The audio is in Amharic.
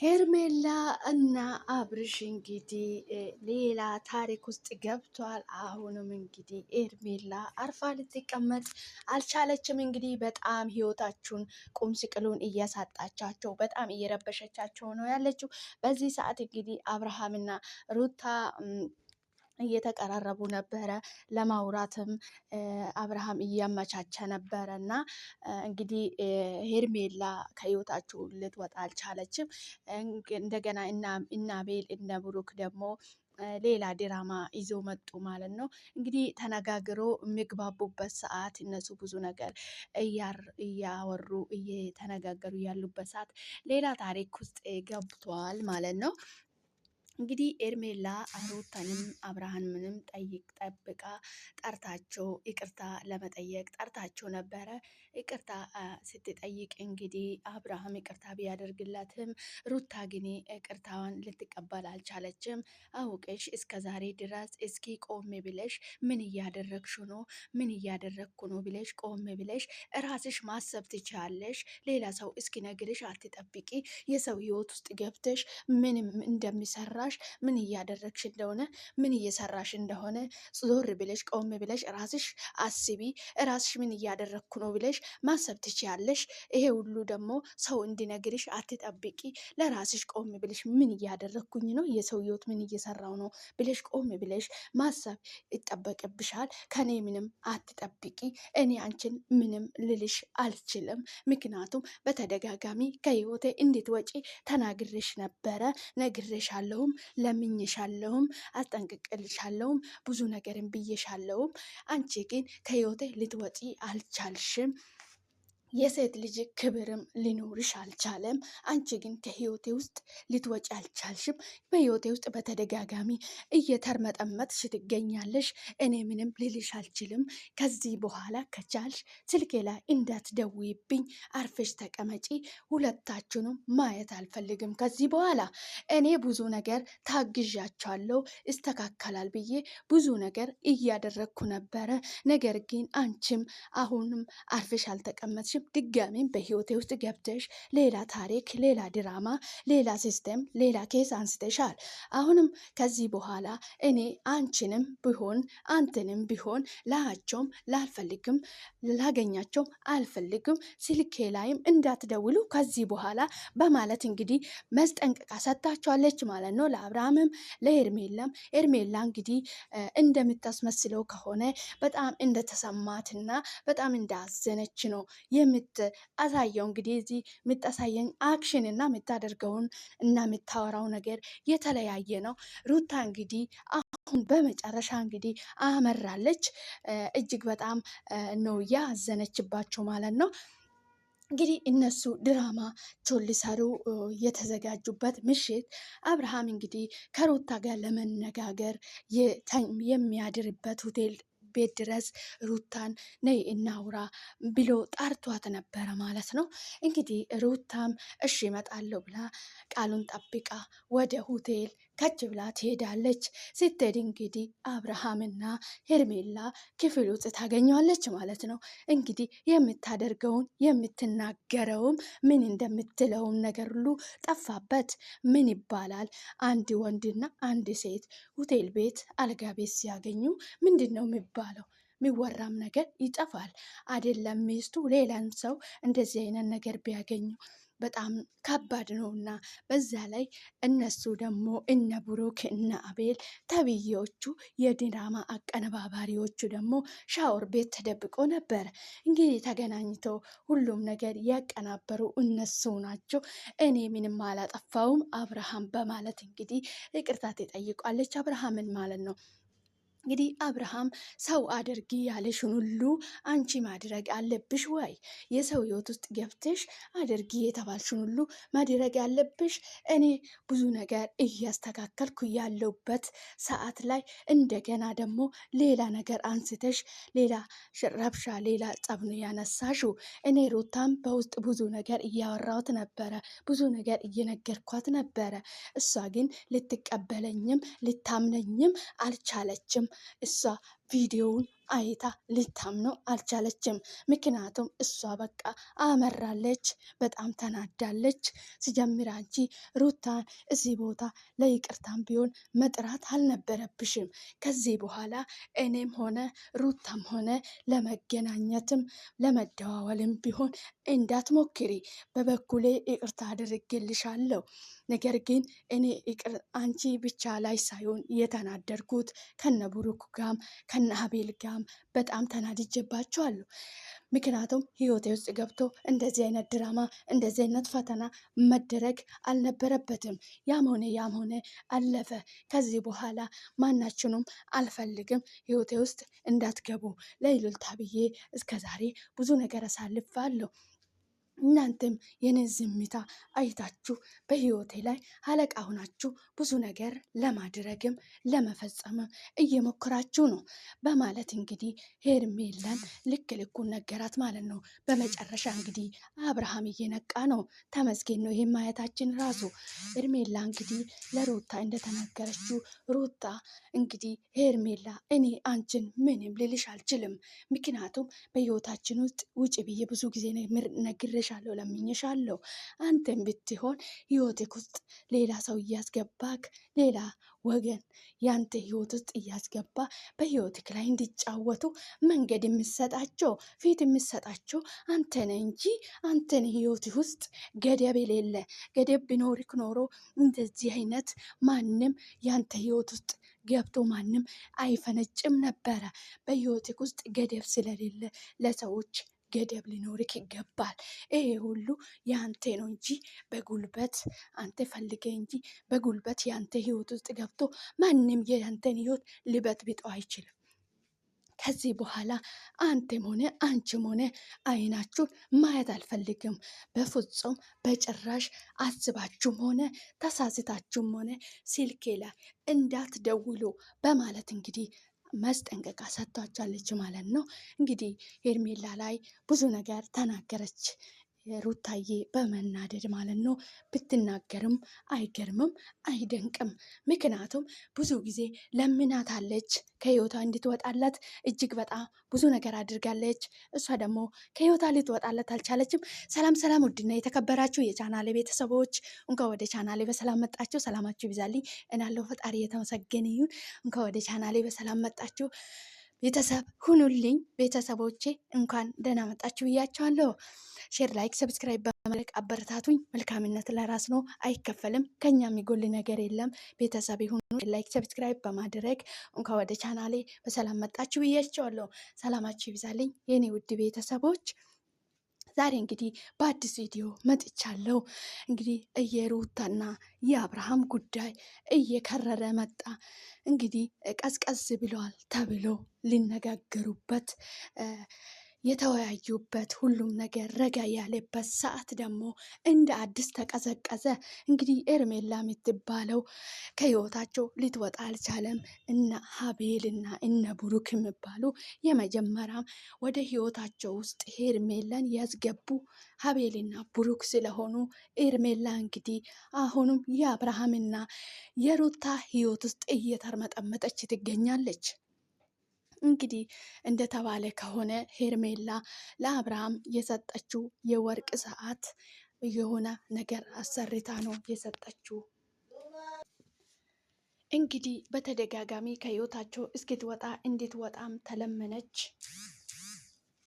ሄርሜላ እና አብርሽ እንግዲህ ሌላ ታሪክ ውስጥ ገብቷል። አሁንም እንግዲህ ሄርሜላ አርፋ ልትቀመጥ አልቻለችም። እንግዲህ በጣም ህይወታችሁን ቁም ስቅሉን እያሳጣቻቸው በጣም እየረበሸቻቸው ነው ያለችው። በዚህ ሰዓት እንግዲህ አብርሃምና ሩታ እየተቀራረቡ ነበረ። ለማውራትም አብርሃም እያመቻቸ ነበረ እና እንግዲህ ሄርሜላ ከህይወታቸው ልትወጣ አልቻለችም። እንደገና እናቤል ቤል እነ ብሩክ ደግሞ ሌላ ድራማ ይዞ መጡ ማለት ነው። እንግዲህ ተነጋግሮ የሚግባቡበት ሰዓት እነሱ ብዙ ነገር እያወሩ እየተነጋገሩ ያሉበት ሰዓት ሌላ ታሪክ ውስጥ ገብቷል ማለት ነው። እንግዲህ ኤርሜላ ሩታንም አብርሃምንም ጠይቅ ጠብቃ ጠርታቸው ይቅርታ ለመጠየቅ ጠርታቸው ነበረ። ይቅርታ ስትጠይቅ እንግዲህ አብርሃም ይቅርታ ቢያደርግላትም ሩታ ግን ይቅርታዋን ልትቀበል አልቻለችም። አውቅሽ እስከ ዛሬ ድረስ እስኪ ቆም ብለሽ ምን እያደረግሽ ነው? ምን እያደረግኩ ነው ብለሽ ቆም ብለሽ ራስሽ ማሰብ ትችያለሽ። ሌላ ሰው እስኪ ነግርሽ አትጠብቂ። የሰው ህይወት ውስጥ ገብተሽ ምንም እንደሚሰራ ስራሽ ምን እያደረግሽ እንደሆነ ምን እየሰራሽ እንደሆነ ዞር ብለሽ ቆም ብለሽ ራስሽ አስቢ። ራስሽ ምን እያደረግኩ ነው ብለሽ ማሰብ ትችያለሽ። ይሄ ሁሉ ደግሞ ሰው እንዲነግርሽ አትጠብቂ። ለራስሽ ቆም ብለሽ ምን እያደረግኩኝ ነው፣ የሰው ህይወት ምን እየሰራው ነው ብለሽ ቆም ብለሽ ማሰብ ይጠበቅብሻል። ከኔ ምንም አትጠብቂ። እኔ አንቺን ምንም ልልሽ አልችልም። ምክንያቱም በተደጋጋሚ ከህይወቴ እንድትወጪ ተናግሬሽ ነበረ፣ ነግሬሻለሁም ለምኝሻለሁም፣ አስጠንቅቅልሻለሁም፣ ብዙ ነገርን ብዬሻለሁም። አንቺ ግን ከህይወቴ ልትወጪ አልቻልሽም የሴት ልጅ ክብርም ሊኖርሽ አልቻለም። አንቺ ግን ከህይወቴ ውስጥ ልትወጪ አልቻልሽም። በህይወቴ ውስጥ በተደጋጋሚ እየተርመጠመጥሽ ትገኛለሽ። እኔ ምንም ልልሽ አልችልም። ከዚህ በኋላ ከቻልሽ ስልኬ ላይ እንዳትደውይብኝ፣ አርፈሽ ተቀመጪ። ሁለታችሁንም ማየት አልፈልግም ከዚህ በኋላ። እኔ ብዙ ነገር ታግዣቸዋለሁ፣ ይስተካከላል ብዬ ብዙ ነገር እያደረግኩ ነበረ። ነገር ግን አንቺም አሁንም አርፈሽ አልተቀመጥሽ ሪሌሽንሽፕ ድጋሚም በህይወቴ ውስጥ ገብተሽ ሌላ ታሪክ፣ ሌላ ድራማ፣ ሌላ ሲስተም፣ ሌላ ኬስ አንስተሻል። አሁንም ከዚህ በኋላ እኔ አንቺንም ቢሆን አንተንም ቢሆን ላያቸውም ላልፈልግም ላገኛቸውም አልፈልግም፣ ስልኬ ላይም እንዳትደውሉ ከዚህ በኋላ በማለት እንግዲህ መስጠንቀቃ ሰጥታቸዋለች ማለት ነው ለአብርሃምም ለኤርሜላም። ኤርሜላ እንግዲህ እንደምታስመስለው ከሆነ በጣም እንደተሰማትና በጣም እንዳዘነች ነው የምታሳየው እንግዲህ እዚህ የምታሳየን አክሽን እና የምታደርገውን እና የምታወራው ነገር የተለያየ ነው። ሩታ እንግዲህ አሁን በመጨረሻ እንግዲህ አመራለች። እጅግ በጣም ነው ያዘነችባቸው ማለት ነው። እንግዲህ እነሱ ድራማቸውን ሊሰሩ የተዘጋጁበት ምሽት አብርሃም እንግዲህ ከሩታ ጋር ለመነጋገር የሚያድርበት ሆቴል ቤት ድረስ ሩታን ነይ እናውራ ብሎ ጣርቷት ነበረ ማለት ነው። እንግዲህ ሩታም እሺ እመጣለሁ ብላ ቃሉን ጠብቃ ወደ ሆቴል ከች ብላ ትሄዳለች። ስትሄድ እንግዲህ አብርሃምና ሄርሜላ ክፍል ውስጥ ታገኘዋለች ማለት ነው። እንግዲህ የምታደርገውን የምትናገረውም ምን እንደምትለውም ነገር ሁሉ ጠፋበት። ምን ይባላል አንድ ወንድና አንድ ሴት ሆቴል ቤት አልጋ ቤት ሲያገኙ ምንድን ነው የሚባለው? የሚወራም ነገር ይጠፋል አይደለም። ሚስቱ ሌላን ሰው እንደዚህ አይነት ነገር ቢያገኙ በጣም ከባድ ነው እና በዛ ላይ እነሱ ደግሞ እነ ብሩክ እነ አቤል ተብዬዎቹ የድራማ አቀነባባሪዎቹ ደግሞ ሻወር ቤት ተደብቆ ነበር። እንግዲህ ተገናኝተው ሁሉም ነገር ያቀናበሩ እነሱ ናቸው። እኔ ምንም አላጠፋውም አብርሃም በማለት እንግዲህ ይቅርታ ትጠይቋለች አብርሃምን ማለት ነው። እንግዲህ አብርሃም ሰው አድርጊ ያለሽን ሁሉ አንቺ ማድረግ አለብሽ ወይ? የሰው ህይወት ውስጥ ገብተሽ አድርጊ የተባልሽን ሁሉ ማድረግ ያለብሽ። እኔ ብዙ ነገር እያስተካከልኩ ያለውበት ሰዓት ላይ እንደገና ደግሞ ሌላ ነገር አንስተሽ ሌላ ረብሻ፣ ሌላ ጸብ ነው ያነሳሽው። እኔ ሩታም በውስጥ ብዙ ነገር እያወራሁት ነበረ፣ ብዙ ነገር እየነገርኳት ነበረ። እሷ ግን ልትቀበለኝም ልታምነኝም አልቻለችም። It's a. Uh, ቪዲዮውን አይታ ልታምኖ አልቻለችም። ምክንያቱም እሷ በቃ አመራለች፣ በጣም ተናዳለች። ስጀምር አንቺ ሩታ እዚህ ቦታ ለይቅርታም ቢሆን መጥራት አልነበረብሽም። ከዚህ በኋላ እኔም ሆነ ሩታም ሆነ ለመገናኘትም ለመደዋወልም ቢሆን እንዳትሞክሪ። በበኩሌ ይቅርታ አድርግልሻለሁ። ነገር ግን እኔ አንቺ ብቻ ላይ ሳይሆን የተናደርኩት ከነብሩክ ጋም ከነ አቤል ጋም በጣም ተናድጄባቸዋለሁ። ምክንያቱም ህይወቴ ውስጥ ገብቶ እንደዚህ አይነት ድራማ እንደዚህ አይነት ፈተና መደረግ አልነበረበትም። ያም ሆነ ያም ሆነ አለፈ። ከዚህ በኋላ ማናችንም አልፈልግም፣ ህይወቴ ውስጥ እንዳትገቡ ለይሉልታ ብዬ እስከዛሬ ብዙ ነገር አሳልፋለሁ። እናንተም የኔን ዝምታ አይታችሁ በህይወቴ ላይ አለቃ ሁናችሁ ብዙ ነገር ለማድረግም ለመፈጸምም እየሞከራችሁ ነው በማለት እንግዲህ ሄርሜላን ልክ ልኩን ነገራት ማለት ነው። በመጨረሻ እንግዲህ አብርሃም እየነቃ ነው። ተመስገን ነው ይህም ማየታችን ራሱ። ሄርሜላ እንግዲህ ለሩታ እንደተነገረችው ሩታ እንግዲህ ሄርሜላ እኔ አንቺን ምንም ልልሽ አልችልም፣ ምክንያቱም በህይወታችን ውስጥ ውጭ ብዬ ብዙ ጊዜ ነግሬሽ እለምንሻለሁ እለምንሻለሁ አንተም ብትሆን ህይወትክ ውስጥ ሌላ ሰው እያስገባክ ሌላ ወገን ያንተ ህይወት ውስጥ እያስገባ በህይወትክ ላይ እንዲጫወቱ መንገድ የምሰጣቸው ፊት የምሰጣቸው አንተነ እንጂ አንተን ህይወት ውስጥ ገደብ የሌለ ገደብ ቢኖርክ ኖሮ እንደዚህ አይነት ማንም ያንተ ህይወት ውስጥ ገብቶ ማንም አይፈነጭም ነበረ። በህይወትክ ውስጥ ገደብ ስለሌለ ለሰዎች ገደብ ሊኖርክ ይገባል። ይሄ ሁሉ የአንተ ነው እንጂ በጉልበት አንተ ፈልገ እንጂ በጉልበት የአንተ ህይወት ውስጥ ገብቶ ማንም የአንተን ህይወት ልበት ቢጠው አይችልም። ከዚህ በኋላ አንተም ሆነ አንቺም ሆነ አይናችሁን ማየት አልፈልግም። በፍጹም በጭራሽ አስባችሁም ሆነ ተሳስታችሁም ሆነ ስልኬ ላይ እንዳትደውሉ በማለት እንግዲህ መስጠንቀቃ ሰጥቷቸዋለች ማለት ነው። እንግዲህ ሄርሜላ ላይ ብዙ ነገር ተናገረች። ሩታዬ በመናደድ ማለት ነው ብትናገርም አይገርምም፣ አይደንቅም። ምክንያቱም ብዙ ጊዜ ለምናታለች ከህይወቷ እንድትወጣላት እጅግ በጣም ብዙ ነገር አድርጋለች። እሷ ደግሞ ከህይወቷ ልትወጣላት አልቻለችም። ሰላም ሰላም! ውድና የተከበራችሁ የቻናሌ ቤተሰቦች እንኳ ወደ ቻናሌ በሰላም መጣችሁ። ሰላማችሁ ይብዛልኝ እናለው። ፈጣሪ የተመሰገነ ይሁን። እንኳ ወደ ቻናሌ በሰላም መጣችሁ። ቤተሰብ ሁኑልኝ። ቤተሰቦቼ እንኳን ደህና መጣችሁ ብያቸዋለሁ። ሼር፣ ላይክ፣ ሰብስክራይብ በማድረግ አበረታቱኝ። መልካምነት ለራስ ነው፣ አይከፈልም። ከኛ የሚጎል ነገር የለም። ቤተሰብ ሁኑ። ላይክ፣ ሰብስክራይብ በማድረግ እንኳ ወደ ቻናሌ በሰላም መጣችሁ ብያቸዋለሁ። ሰላማችሁ ይብዛልኝ የኔ ውድ ቤተሰቦች። ዛሬ እንግዲህ በአዲስ ቪዲዮ መጥቻለሁ። እንግዲህ እየሩታና የአብርሃም ጉዳይ እየከረረ መጣ። እንግዲህ ቀዝቀዝ ብለዋል ተብሎ ሊነጋገሩበት የተወያዩበት ሁሉም ነገር ረጋ ያለበት ሰዓት ደግሞ እንደ አዲስ ተቀዘቀዘ። እንግዲህ ኤርሜላ የምትባለው ከህይወታቸው ልትወጣ አልቻለም። እነ ሀቤልና እነ ቡሩክ የሚባሉ የመጀመሪያም ወደ ህይወታቸው ውስጥ ኤርሜላን ያስገቡ ሀቤልና ቡሩክ ስለሆኑ ኤርሜላ እንግዲህ አሁንም የአብርሃምና የሩታ ህይወት ውስጥ እየተርመጠመጠች ትገኛለች። እንግዲህ እንደተባለ ከሆነ ሄርሜላ ለአብርሃም የሰጠችው የወርቅ ሰዓት የሆነ ነገር አሰርታ ነው የሰጠችው። እንግዲህ በተደጋጋሚ ከህይወታቸው እስክትወጣ እንድትወጣም ተለመነች።